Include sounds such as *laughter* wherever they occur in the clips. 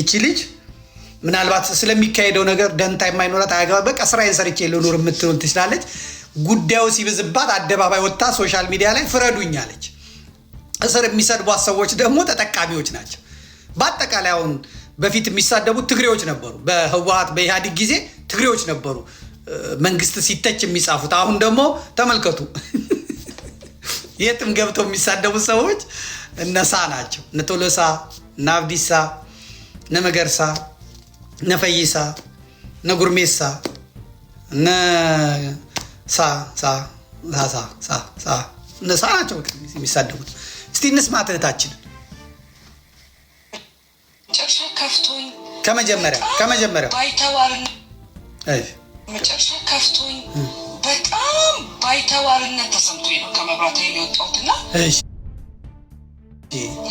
እቺ ልጅ ምናልባት ስለሚካሄደው ነገር ደንታ የማይኖራት አያገባ በቃ ስራዬን ሰርቼ ልኑር የምትሆን ትችላለች። ጉዳዩ ሲብዝባት አደባባይ ወጥታ ሶሻል ሚዲያ ላይ ፍረዱኝ አለች። እስር የሚሰድቧት ሰዎች ደግሞ ተጠቃሚዎች ናቸው። በአጠቃላይ አሁን በፊት የሚሳደቡት ትግሬዎች ነበሩ። በህወሀት በኢህአዲግ ጊዜ ትግሬዎች ነበሩ መንግስት ሲተች የሚጻፉት። አሁን ደግሞ ተመልከቱ፣ የትም ገብተው የሚሳደቡት ሰዎች እነሳ ናቸው እነ ቶሎሳ እነ አብዲሳ ነመገርሳ ነፈይሳ ነጉርሜሳ ነሳ ሳ ሳ ሳ ሳ እነሳ ናቸው የሚሳደቡት። እስቲ እንስማ እህታችንን መጨረሻ ከፍቶኝ ከመጀመሪያ ከመጀመሪያ ባይተዋር መጨረሻ ከፍቶኝ በጣም ባይተዋርነት ተሰምቶኝ ነው ከመብራት የወጣሁትና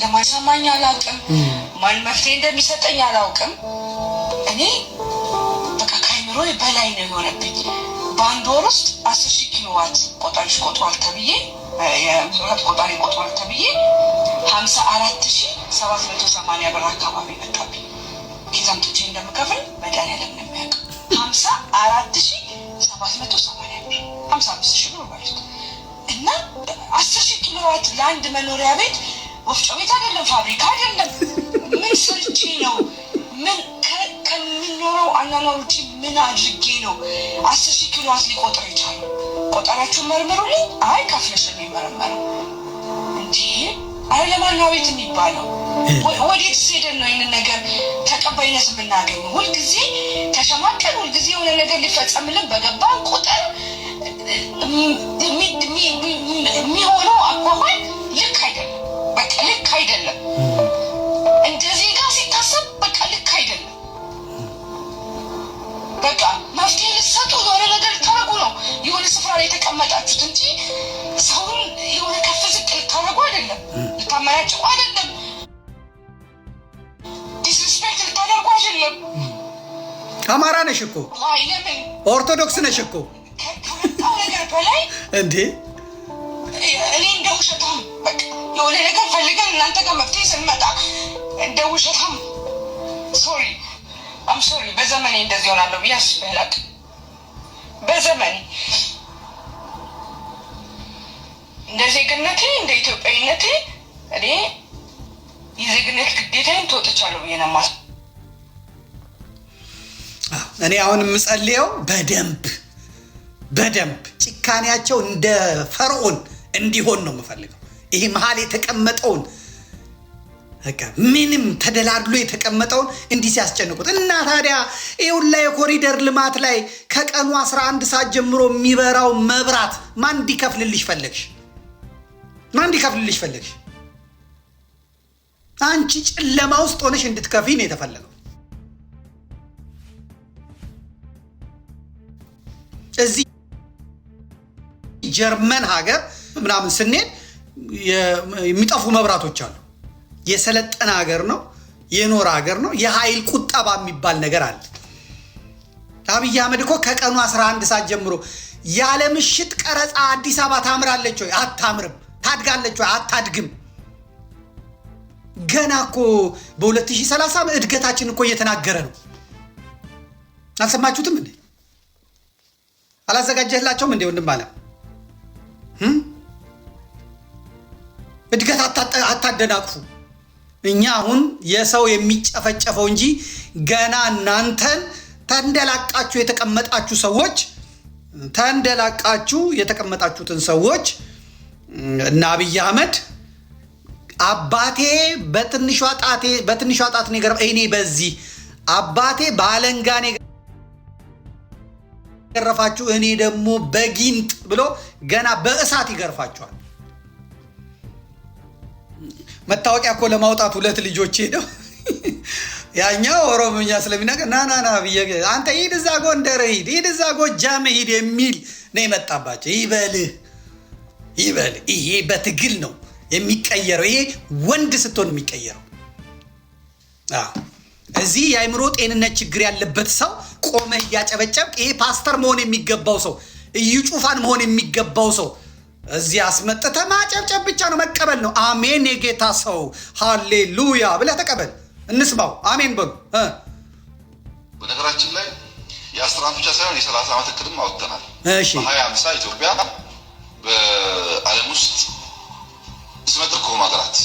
ለማይሰማኝ አላውቅም ማን መፍትሄ እንደሚሰጠኝ አላውቅም። እኔ በቃ ከአይምሮ በላይ ነው የሆነብኝ። በአንድ ወር ውስጥ አስር ሺህ ኪሎዋት ቆጣሪች ቆጥሯል ተብዬ የምስራት ቆጣሪ ቆጥሯል ተብዬ ሀምሳ አራት ሺ ሰባት መቶ ሰማንያ ብር አካባቢ መጣብኝ። ኪዛምቶች እንደምከፍል መድኃኒዓለም ነው የሚያውቅ። ሀምሳ አራት ሺ ሰባት መቶ ሰማንያ ብር ሀምሳ አምስት ሺ ብር ማለት እና አስር ሺ ኪሎዋት ለአንድ መኖሪያ ቤት ወፍጮ ቤት አይደለም ፋብሪካ አይደለም ምን ሰርቼ ነው? ምን ከምኖረው አኗኗር ውጪ ምን አድርጌ ነው አስር ሺህ ኪሎ ሊቆጥር ይቻሉ? ቆጠራችሁን መርምሩልኝ። አይ ከፍለሽ የሚመረመረው እንዲ አሁን ለማና ቤት የሚባለው ወዴት ሄደን ነው ይህንን ነገር ተቀባይነት የምናገኘው? ሁልጊዜ ተሸማቀን፣ ሁልጊዜ የሆነ ነገር ሊፈጸምልን በገባ ቁጥር የሚሆነው አኳኋን በቃ መፍትሄ ልትሰጡ የሆነ ነገር ልታረጉ ነው የሆነ ስፍራ ላይ የተቀመጣችሁት እንጂ ሰውን የሆነ ከፍ ዝቅ ልታረጉ አይደለም፣ ልታመናጭቁ አይደለም፣ ዲስሪስፔክት ልታደርጉ አይደለም። አማራ ነሽ እኮ ኦርቶዶክስ ነሽ እኮ ከመጣው ነገር በላይ እንዴ እኔ እንደ ውሸታም የሆነ ነገር ፈልገን እናንተ ጋር መፍትሄ ስንመጣ እንደ ውሸታም ሶሪ አምሶሪ በዘመኔ እንደዚህ ሆናለሁ ብዬ አስቤ አላውቅም። በዘመኔ እንደ ዜግነቴ እንደ ኢትዮጵያዊነቴ እኔ የዜግነት ግዴታዬን ተወጥቻለሁ ብዬ ነው የማስበው። እኔ አሁን የምጸልየው በደንብ በደንብ ጭካኔያቸው እንደ ፈርዖን እንዲሆን ነው የምፈልገው። ይህ መሀል የተቀመጠውን በቃ ምንም ተደላድሎ የተቀመጠውን እንዲህ ሲያስጨንቁት እና ታዲያ ላይ የኮሪደር ልማት ላይ ከቀኑ 11 ሰዓት ጀምሮ የሚበራው መብራት ማን እንዲከፍልልሽ ፈለግሽ? ማን እንዲከፍልልሽ ፈለግሽ? አንቺ ጨለማ ውስጥ ሆነሽ እንድትከፊ ነው የተፈለገው። እዚህ ጀርመን ሀገር ምናምን ስንሄድ የሚጠፉ መብራቶች አሉ። የሰለጠነ ሀገር ነው፣ የኖረ ሀገር ነው። የኃይል ቁጠባ የሚባል ነገር አለ። አብይ አህመድ እኮ ከቀኑ 11 ሰዓት ጀምሮ ያለ ምሽት ቀረፃ አዲስ አበባ ታምራለች ወይ? አታምርም። ታድጋለች ወይ? አታድግም። ገና እኮ በ2030 እድገታችን እኮ እየተናገረ ነው። አልሰማችሁትም እንዴ? አላዘጋጀህላቸውም እንዴ? ወንድም አለ እድገት አታደናቅፉ። እኛ አሁን የሰው የሚጨፈጨፈው እንጂ ገና እናንተን ተንደላቃችሁ የተቀመጣችሁ ሰዎች ተንደላቃችሁ የተቀመጣችሁትን ሰዎች እና አብይ አህመድ አባቴ በትንሿ ጣቴ በትንሿ ጣት ነገር እኔ በዚህ አባቴ በአለንጋኔ ገረፋችሁ እኔ ደግሞ በጊንጥ ብሎ ገና በእሳት ይገርፋችኋል። መታወቂያ እኮ ለማውጣት ሁለት ልጆች ሄደው ያኛው ኦሮምኛ ስለሚናገር ናናና ብዬ አንተ ሂድ እዛ ጎንደር ሂድ ሂድ እዛ ጎጃም ሂድ የሚል ነው የመጣባቸው። ይበልህ ይበል። ይሄ በትግል ነው የሚቀየረው። ይሄ ወንድ ስትሆን የሚቀየረው። እዚህ የአእምሮ ጤንነት ችግር ያለበት ሰው ቆመህ እያጨበጨብክ፣ ይሄ ፓስተር መሆን የሚገባው ሰው፣ እዩ ጩፋን መሆን የሚገባው ሰው እዚህ አስመጥተ ማጨብጨብ ብቻ ነው፣ መቀበል ነው። አሜን የጌታ ሰው ሃሌሉያ ብለህ ተቀበል። እንስማው። አሜን በሉ። በነገራችን ላይ የአስር ዓመት ብቻ ሳይሆን የሰላሳ ዓመት እቅድም አወጥተናል። ሀያ አምሳ ኢትዮጵያ በዓለም ውስጥ ስመጥር ከሆኑ ሀገራት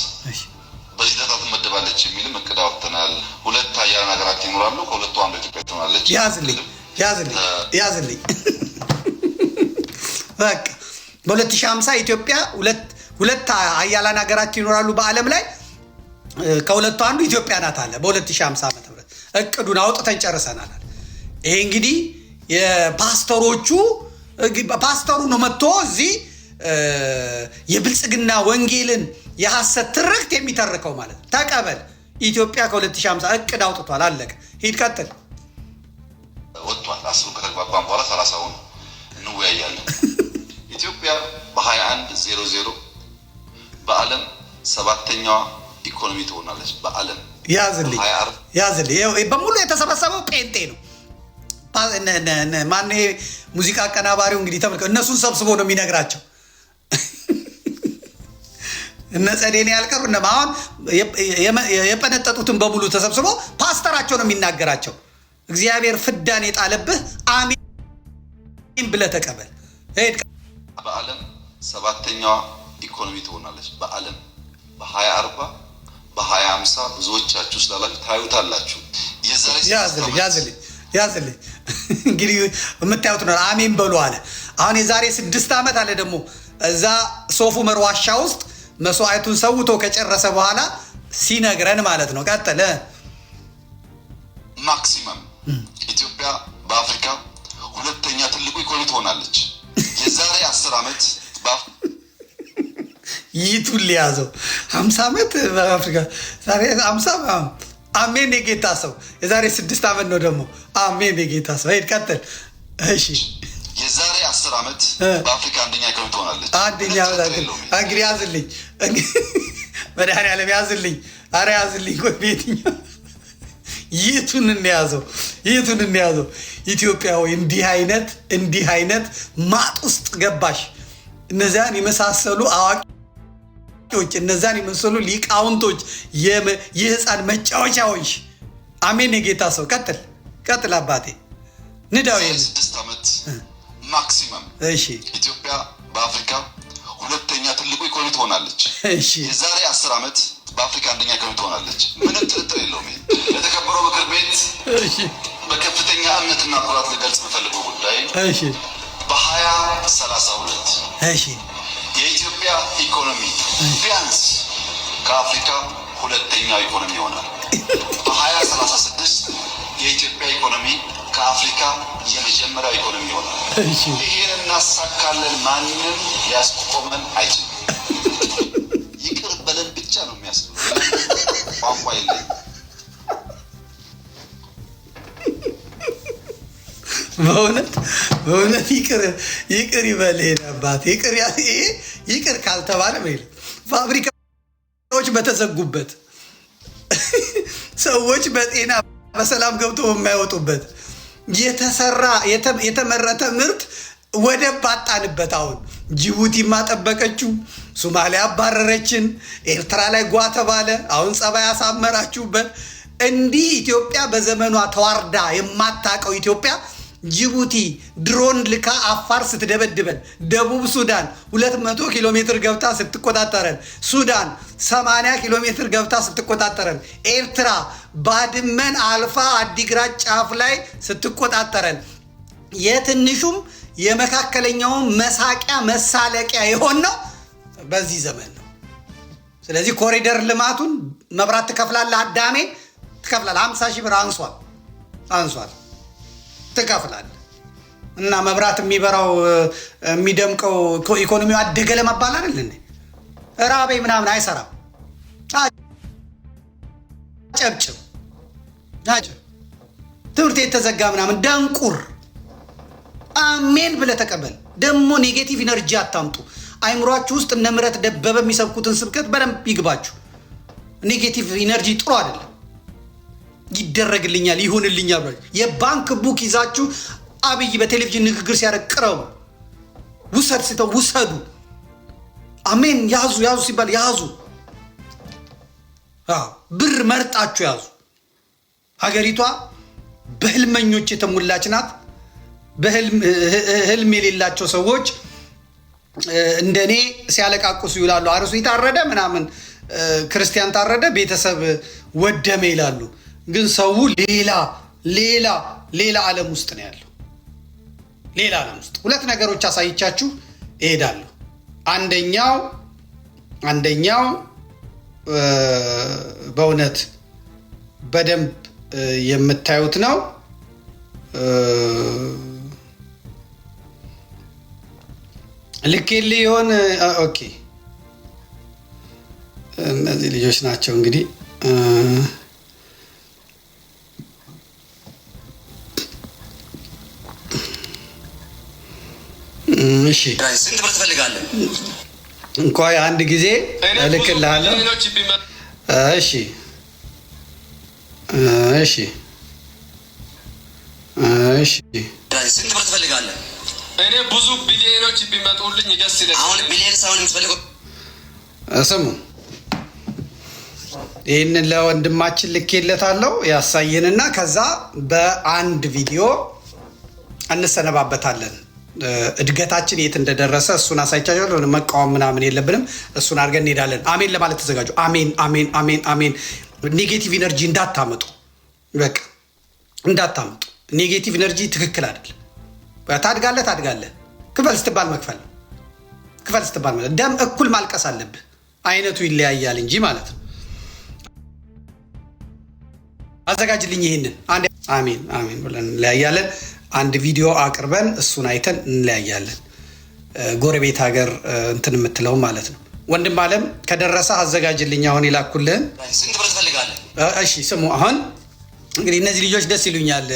በዚህ ደረጃ ትመደባለች የሚልም እቅድ አወጥተናል። ሁለት ሀያላን ሀገራት ይኖራሉ። ከሁለቱ አንዱ ኢትዮጵያ ትሆናለች። ያዝልኝ፣ ያዝልኝ፣ ያዝልኝ በቃ በ2050 ኢትዮጵያ ሁለት አያላን ሀገራት ይኖራሉ በዓለም ላይ ከሁለቱ አንዱ ኢትዮጵያ ናት አለ። በ2050 ዓ.ም እቅዱን አውጥተን ጨርሰናል። ይሄ እንግዲህ የፓስተሮቹ ፓስተሩ ነው መጥቶ እዚህ የብልጽግና ወንጌልን የሐሰት ትርክት የሚተርከው ማለት ነው። ተቀበል ኢትዮጵያ ከ2050 እቅድ አውጥቷል። አለቀ። ሂድ ቀጥል። አራተኛዋ ኢኮኖሚ ትሆናለች በዓለም። ያዝልኝ ያዝልኝ። በሙሉ የተሰበሰበው ጴንጤ ነው። ማን ሙዚቃ አቀናባሪው እንግዲህ ተመልከው፣ እነሱን ሰብስቦ ነው የሚነግራቸው። *laughs* እነ ጸዴኔ ያልቀሩ እነ አሁን የጠነጠጡትን በሙሉ ተሰብስቦ ፓስተራቸው ነው የሚናገራቸው። እግዚአብሔር ፍዳን የጣለብህ አሜን ብለህ ተቀበል። በዓለም ሰባተኛዋ ኢኮኖሚ ትሆናለች በዓለም በሀያ አርባ በሀያ አምሳ ብዙዎቻችሁ ስላላችሁ ታዩታላችሁ። ያዝልኝ *laughs* እንግዲህ የምታዩት ነው። አሜን በሉ አለ። አሁን የዛሬ ስድስት ዓመት አለ ደግሞ እዛ ሶፉ መር ዋሻ ውስጥ መስዋዕቱን ሰውቶ ከጨረሰ በኋላ ሲነግረን ማለት ነው። ቀጠለ ማክሲመም ኢትዮጵያ በአፍሪካ ሁለተኛ ትልቁ ኢኮኖሚ ትሆናለች። የዛሬ አስር ዓመት ይቱን ሊያዘው ሀምሳ ዓመት በአፍሪካ ዛሬ ሀምሳ አሜን የጌታ ሰው የዛሬ ስድስት ዓመት ነው ደግሞ አሜን የጌታ ሰው ሄድ ቀጥል። እሺ የዛሬ አስር ዓመት በአፍሪካ አንደኛ ኢኮኖሚ ትሆናለች። አንደኛ እንግዲህ ያዝልኝ፣ መድኃኒዓለም ያዝልኝ፣ አረ ያዝልኝ። ቆይ ቤትኛ ይቱን እንያዘው ይቱን እንያዘው። ኢትዮጵያዊ እንዲህ አይነት እንዲህ አይነት ማጥ ውስጥ ገባሽ እነዚያን የመሳሰሉ አዋቂ ዎች እነዛን የመሰሉ ሊቃውንቶች የህፃን መጫወቻዎች። አሜን። የጌታ ሰው ቀጥል ቀጥል አባቴ ንዳው። ስድስት ዓመት ማክሲመም ኢትዮጵያ በአፍሪካ ሁለተኛ ትልቁ ኢኮኖሚ ትሆናለች። የዛሬ አስር ዓመት በአፍሪካ አንደኛ ኢኮኖሚ ትሆናለች። ምንም ጥርጥር የለውም። የተከበረው ምክር ቤት በከፍተኛ እምነትና ኩራት ልገልጽ የምፈልገው ጉዳይ በሀያ ሰላሳ ሁለት የኢትዮጵያ ኢኮኖሚ ቢያንስ ከአፍሪካ ሁለተኛው ኢኮኖሚ ይሆናል። በሀያ ሰላሳ ስድስት የኢትዮጵያ ኢኮኖሚ ከአፍሪካ የመጀመሪያው ኢኮኖሚ ይሆናል። ይህን እናሳካለን፣ ማንም ሊያስቆመን አይችልም። ይቅር በለን ብቻ ነው የሚያስ ቋንቋ የለኝም። በእውነት በእውነት ይቅር ይቅር ይበል ይሄን አባት ይቅር ይቅር ካልተባለ በይል ፋብሪካዎች በተዘጉበት ሰዎች በጤና በሰላም ገብቶ የማይወጡበት የተሰራ የተመረተ ምርት ወደብ ባጣንበት አሁን ጅቡቲ ጠበቀችው፣ ሶማሊያ አባረረችን፣ ኤርትራ ላይ ጓ ተባለ። አሁን ጸባይ ያሳመራችሁበት እንዲህ ኢትዮጵያ በዘመኗ ተዋርዳ የማታውቀው ኢትዮጵያ ጅቡቲ ድሮን ልካ አፋር ስትደበድበን፣ ደቡብ ሱዳን 200 ኪሎ ሜትር ገብታ ስትቆጣጠረን፣ ሱዳን 80 ኪሎ ሜትር ገብታ ስትቆጣጠረን፣ ኤርትራ ባድመን አልፋ አዲግራት ጫፍ ላይ ስትቆጣጠረን የትንሹም የመካከለኛውን መሳቂያ መሳለቂያ የሆን ነው በዚህ ዘመን ነው። ስለዚህ ኮሪደር ልማቱን መብራት ትከፍላለህ፣ አዳሜ ትከፍላለህ። 50 ሺህ ብር አንሷል አንሷል። ትከፍላለህ እና መብራት የሚበራው የሚደምቀው ኢኮኖሚው አደገ ለመባል አይደል እንዴ? ምናምን አይሰራም። አጨብጭብ ናቸው። ትምህርት የተዘጋ ምናምን ደንቁር። አሜን ብለህ ተቀበል። ደግሞ ኔጌቲቭ ኢነርጂ አታምጡ። አይምሯችሁ ውስጥ እነ ደበበ የሚሰብኩትን ስብከት በደንብ ይግባችሁ። ኔጌቲቭ ኢነርጂ ጥሩ አይደለም። ይደረግልኛል፣ ይሆንልኛል ብላ የባንክ ቡክ ይዛችሁ አብይ በቴሌቪዥን ንግግር ሲያደርግ ቅረቡ። ውሰድ ሲተው ውሰዱ። አሜን። ያዙ ያዙ ሲባል ያዙ። ብር መርጣችሁ ያዙ። ሀገሪቷ በህልመኞች የተሞላች ናት። ህልም የሌላቸው ሰዎች እንደ እኔ ሲያለቃቁሱ ይውላሉ። አርሱ ታረደ ምናምን፣ ክርስቲያን ታረደ፣ ቤተሰብ ወደመ ይላሉ። ግን ሰው ሌላ ሌላ ሌላ ዓለም ውስጥ ነው ያለው። ሌላ ዓለም ውስጥ ሁለት ነገሮች አሳይቻችሁ እሄዳለሁ። አንደኛው አንደኛው በእውነት በደንብ የምታዩት ነው። ልኬል ይሆን? ኦኬ፣ እነዚህ ልጆች ናቸው እንግዲህ ስንት ብር ትፈልጋለህ? እንኳን አንድ ጊዜ እልክልሃለሁ። እሺ እሺ እሺ። ስንት ብር ትፈልጋለህ? እኔ ብዙ ቢሊዮኖች ቢመጡልኝ ደስ ይለኛል። አሁን ቢሊዮን ሳይሆን የምትፈልገው ስሙ፣ ይህንን ለወንድማችን ልኬለታለሁ። ያሳየንና ከዛ በአንድ ቪዲዮ እንሰነባበታለን። እድገታችን የት እንደደረሰ እሱን አሳይቻቸል። መቃወም ምናምን የለብንም። እሱን አድርገን እንሄዳለን። አሜን ለማለት ተዘጋጁ። አሜን፣ አሜን፣ አሜን፣ አሜን። ኔጌቲቭ ኢነርጂ እንዳታመጡ፣ በቃ እንዳታመጡ። ኔጌቲቭ ኢነርጂ ትክክል አይደለም። ታድጋለህ፣ ታድጋለህ። ክፈል ስትባል መክፈል፣ ክፈል ስትባል ማለት ደም እኩል ማልቀስ አለብህ። አይነቱ ይለያያል እንጂ ማለት ነው። አዘጋጅልኝ ይህንን። አሜን አሜን ብለን እንለያያለን። አንድ ቪዲዮ አቅርበን እሱን አይተን እንለያያለን። ጎረቤት ሀገር እንትን የምትለው ማለት ነው። ወንድም አለም ከደረሰ አዘጋጅልኝ። አሁን ይላኩልን። እሺ። ስሙ አሁን እንግዲህ እነዚህ ልጆች ደስ ይሉኛል።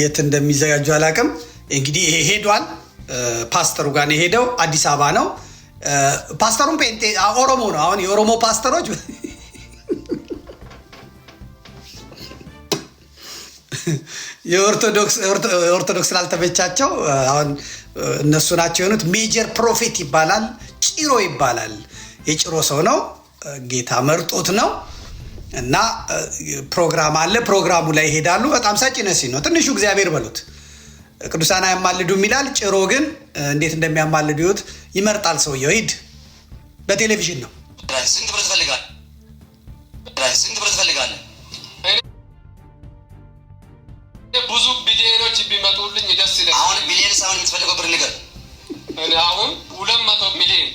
የት እንደሚዘጋጁ አላውቅም። እንግዲህ ይሄ ሄዷል ፓስተሩ ጋር ነው የሄደው። አዲስ አበባ ነው። ፓስተሩም ጴንጤ ኦሮሞ ነው። አሁን የኦሮሞ ፓስተሮች *laughs* የኦርቶዶክስ ላልተመቻቸው አሁን እነሱ ናቸው የሆኑት። ሜጀር ፕሮፌት ይባላል፣ ጭሮ ይባላል። የጭሮ ሰው ነው። ጌታ መርጦት ነው እና ፕሮግራም አለ። ፕሮግራሙ ላይ ይሄዳሉ። በጣም ነሲ ነው። ትንሹ እግዚአብሔር በሉት ቅዱሳን አያማልዱም ይላል። ጭሮ ግን እንዴት እንደሚያማልዱ ይሁት ይመርጣል። ሰውየው ሂድ በቴሌቪዥን ነው። ስንት ብር ትፈልጋለህ? ስንት ብር ትፈልጋለህ? ብዙ ቢሊዮኖች ቢመጡልኝ ደስ ይለኛል። አሁን ቢሊዮን ሳይሆን የምትፈልገው ብር ንገር። እኔ አሁን ሁለት መቶ ሚሊዮን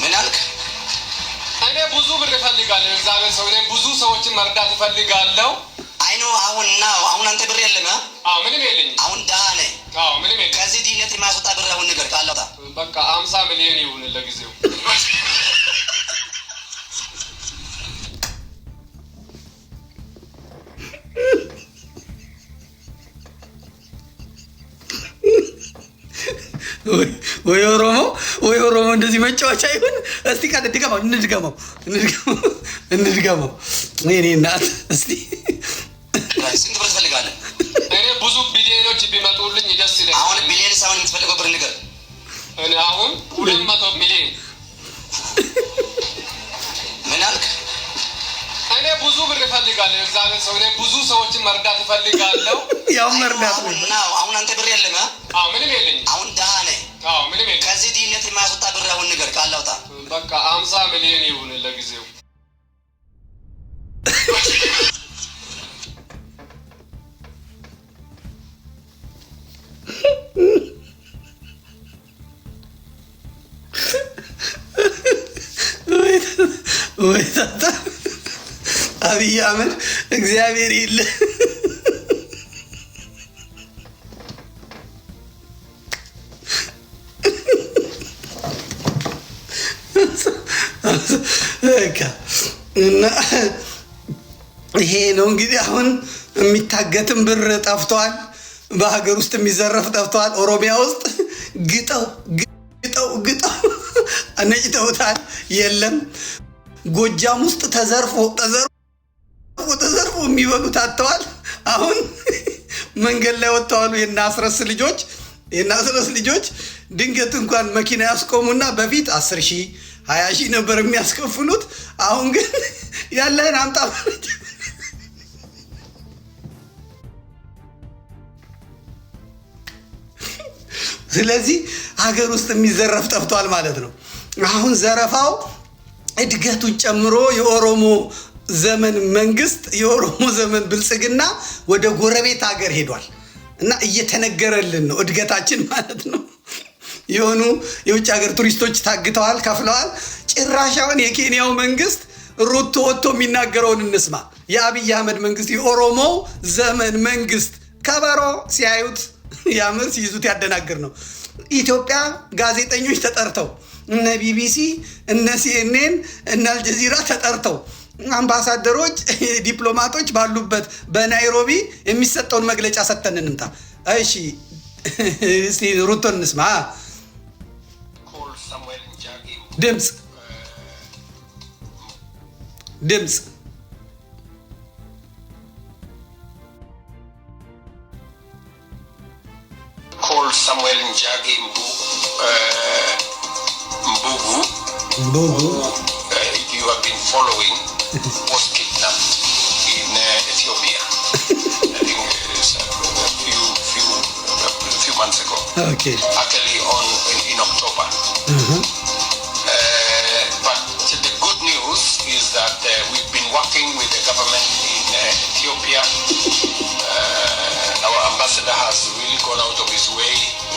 ምን አልክ? እኔ ብዙ ብር እፈልጋለሁ። እግዚአብሔር ሰው እኔ ብዙ ሰዎችን መርዳት እፈልጋለሁ። አይኖ አሁን ና አሁን አንተ ብር የለም። አዎ ምንም የለኝ። አሁን ድሀ ነኝ። አዎ ምንም የለኝ። ከዚህ ድህነት የማያስወጣ ብር አሁን ንገር። ካላውጣ በቃ አምሳ ሚሊዮን ይሁን ለጊዜው ወይ ኦሮሞ ወይ ኦሮሞ እንደዚህ መጫወቻ ይሁን። እስቲ ቃል እንድገማው እንድገማው እንድገማው እኔ እናት እስቲ ስንት ብር ትፈልጋለህ? እኔ ብዙ ቢሊዮኖች ቢመጡልኝ ደስ ይለኛል። አሁን ቢሊዮን ሳይሆን የምትፈልገው ብር ንገር። እኔ አሁን ሁለት መቶ ሚሊዮን ምን አልክ? እኔ ብዙ ብር እፈልጋለሁ። እግዚአብሔር ሰው እኔ ብዙ ሰዎችን መርዳት እፈልጋለሁ። ያው መርዳት ነው። አሁን አንተ ብር የለም፣ ምንም የለኝም። አሁን ደህና ነኝ ከዚህ ድህነት የማያስወጣ ብር አሁን ነገር ካላውጣ በቃ አምሳ ሚሊዮን ይሁን ለጊዜው። *laughs* ወይ ታታ አብይ አህመድ እግዚአብሔር የለ እና ይሄ ነው እንግዲህ አሁን የሚታገትም ብር ጠፍቷል። በሀገር ውስጥ የሚዘረፍ ጠፍቷል። ኦሮሚያ ውስጥ ግጠው ግጠው ግጠው ነጭተውታል። የለም ጎጃም ውስጥ ተዘርፎ ተዘርፎ ተዘርፎ የሚበሉት አጥተዋል። አሁን መንገድ ላይ ወጥተዋሉ። የናስረስ ልጆች የናስረስ ልጆች ድንገት እንኳን መኪና ያስቆሙና በፊት አስር ሺህ ሀያ ሺህ ነበር የሚያስከፍሉት። አሁን ግን ያለህን አምጣ። ስለዚህ ሀገር ውስጥ የሚዘረፍ ጠፍቷል ማለት ነው። አሁን ዘረፋው እድገቱን ጨምሮ የኦሮሞ ዘመን መንግስት የኦሮሞ ዘመን ብልጽግና ወደ ጎረቤት ሀገር ሄዷል እና እየተነገረልን ነው እድገታችን ማለት ነው። የሆኑ የውጭ ሀገር ቱሪስቶች ታግተዋል፣ ከፍለዋል። ጭራሻውን የኬንያው መንግስት ሩቶ ወጥቶ የሚናገረውን እንስማ። የአብይ አህመድ መንግስት የኦሮሞ ዘመን መንግስት ከበሮ ሲያዩት ያምር ሲይዙት ያደናግር ነው። ኢትዮጵያ ጋዜጠኞች ተጠርተው እነ ቢቢሲ እነ ሲኤንኤን እነ አልጀዚራ ተጠርተው አምባሳደሮች፣ ዲፕሎማቶች ባሉበት በናይሮቢ የሚሰጠውን መግለጫ ሰጥተን እንምጣ። እሺ፣ ሩቶ እንስማ። ድምፅ ድምፅ ሳሙኤል ንጃጌ ምቡጉ ምቡጉ you have been following was *laughs* kidnapped in uh, Ethiopia. I think uh, a few few a few months ago. Okay. Actually on in, in October. Mm-hmm. working with the government in uh, Ethiopia. Uh, our ambassador has really gone out of his way.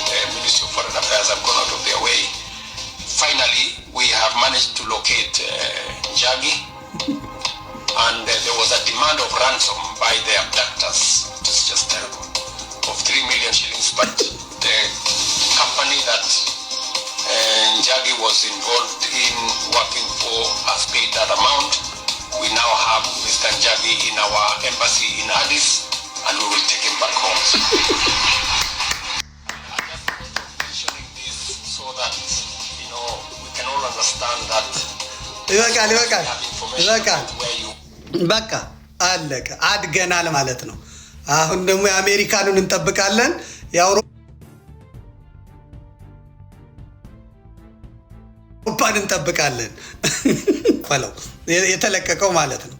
The Ministry of Foreign Affairs have gone out of their way. Finally, we have managed to locate uh, Jagi, and uh, there was a demand of ransom by the abductors. It is just terrible. Uh, of three million shillings, but the company that uh, Jagi was involved in working for has paid that amount. We now have Mr. Njagi in our embassy in Addis, and we will take him back home. I'm just mentioning this so that you know we can all understand that. ይበቃል ይበቃል ይበቃል በቃ አለቀ። አድገናል ማለት ነው። አሁን ደግሞ የአሜሪካኑን እንጠብቃለን። እንኳን እንጠብቃለን *laughs* በለው የተለቀቀው ማለት ነው።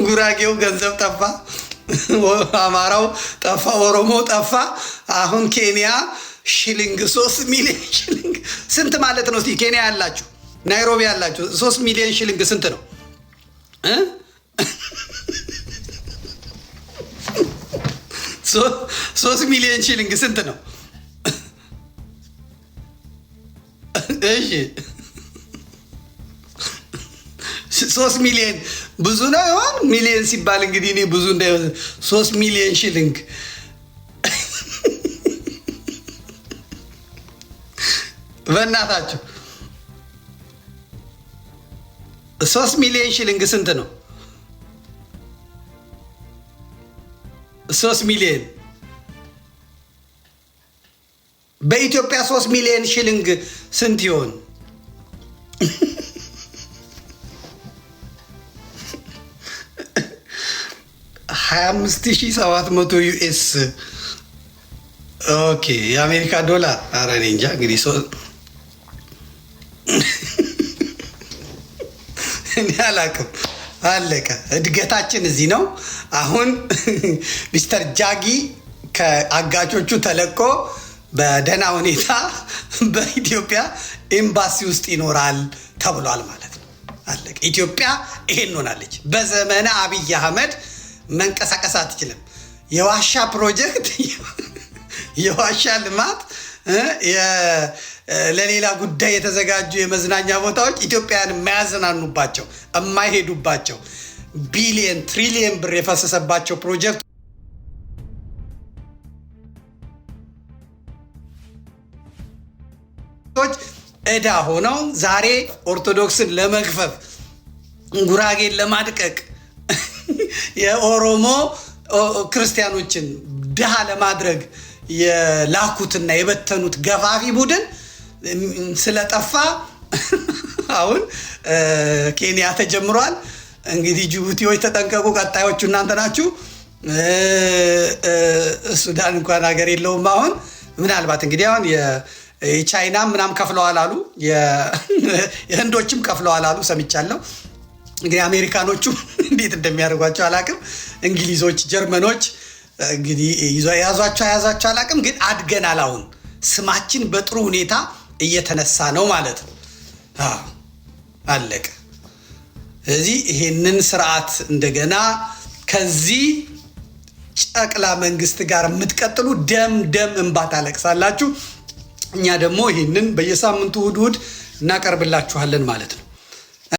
*laughs* ጉራጌው ገንዘብ ጠፋ፣ አማራው ጠፋ፣ ኦሮሞ ጠፋ። አሁን ኬንያ ሺሊንግ ሶስት ሚሊዮን ሺሊንግ *laughs* ስንት ማለት ነው? ኬንያ ያላችሁ ናይሮቢ ያላችሁ ሶስት ሚሊዮን ሺሊንግ ስንት ነው? ሶስት ሚሊዮን ሺሊንግ ስንት ነው? እሺ ሶስት ሚሊዮን ብዙ ነው ይሆን? ሚሊዮን ሲባል እንግዲህ እኔ ብዙ እንዳ ሶስት ሚሊዮን ሺሊንግ በእናታቸው ሶስት ሚሊዮን ሺሊንግ ስንት ነው? ሶስት ሚሊዮን በኢትዮጵያ ሶስት ሚሊዮን ሽልንግ ስንት ይሆን? ሀያ አምስት ሺህ ሰባት መቶ ዩኤስ ኦኬ፣ የአሜሪካ ዶላር። ኧረ እኔ እንጃ እንግዲህ እኔ አላውቅም። አለቀ። እድገታችን እዚህ ነው። አሁን *laughs* ሚስተር ጃጊ ከአጋቾቹ ተለቆ በደህና ሁኔታ *laughs* በኢትዮጵያ ኤምባሲ ውስጥ ይኖራል ተብሏል ማለት ነው። አለቀ። ኢትዮጵያ ይሄን ሆናለች። በዘመነ አብይ አህመድ መንቀሳቀስ አትችልም። የዋሻ ፕሮጀክት፣ *laughs* የዋሻ ልማት ለሌላ ጉዳይ የተዘጋጁ የመዝናኛ ቦታዎች ኢትዮጵያን የማያዝናኑባቸው የማይሄዱባቸው ቢሊየን ትሪሊየን ብር የፈሰሰባቸው ፕሮጀክት እዳ ሆነው ዛሬ ኦርቶዶክስን ለመግፈፍ ጉራጌን ለማድቀቅ *laughs* የኦሮሞ ክርስቲያኖችን ድሃ ለማድረግ የላኩትና የበተኑት ገፋፊ ቡድን ስለጠፋ አሁን ኬንያ ተጀምሯል። እንግዲህ ጅቡቲዎች ተጠንቀቁ፣ ቀጣዮቹ እናንተ ናችሁ። ሱዳን እንኳን ሀገር የለውም። አሁን ምናልባት እንግዲህ አሁን የቻይና ምናም ከፍለዋል አሉ፣ የህንዶችም ከፍለዋል አሉ ሰምቻለሁ። እንግዲህ አሜሪካኖቹ *laughs* እንዴት እንደሚያደርጓቸው አላቅም። እንግሊዞች፣ ጀርመኖች እንግዲህ ያዟቸው ያዟቸው አላቅም። ግን አድገናል። አሁን ስማችን በጥሩ ሁኔታ እየተነሳ ነው ማለት ነው። አለቀ። እዚህ ይሄንን ስርዓት እንደገና ከዚህ ጨቅላ መንግስት ጋር የምትቀጥሉ ደም ደም እንባ ታለቅሳላችሁ። እኛ ደግሞ ይህንን በየሳምንቱ እሑድ እሑድ እናቀርብላችኋለን ማለት ነው።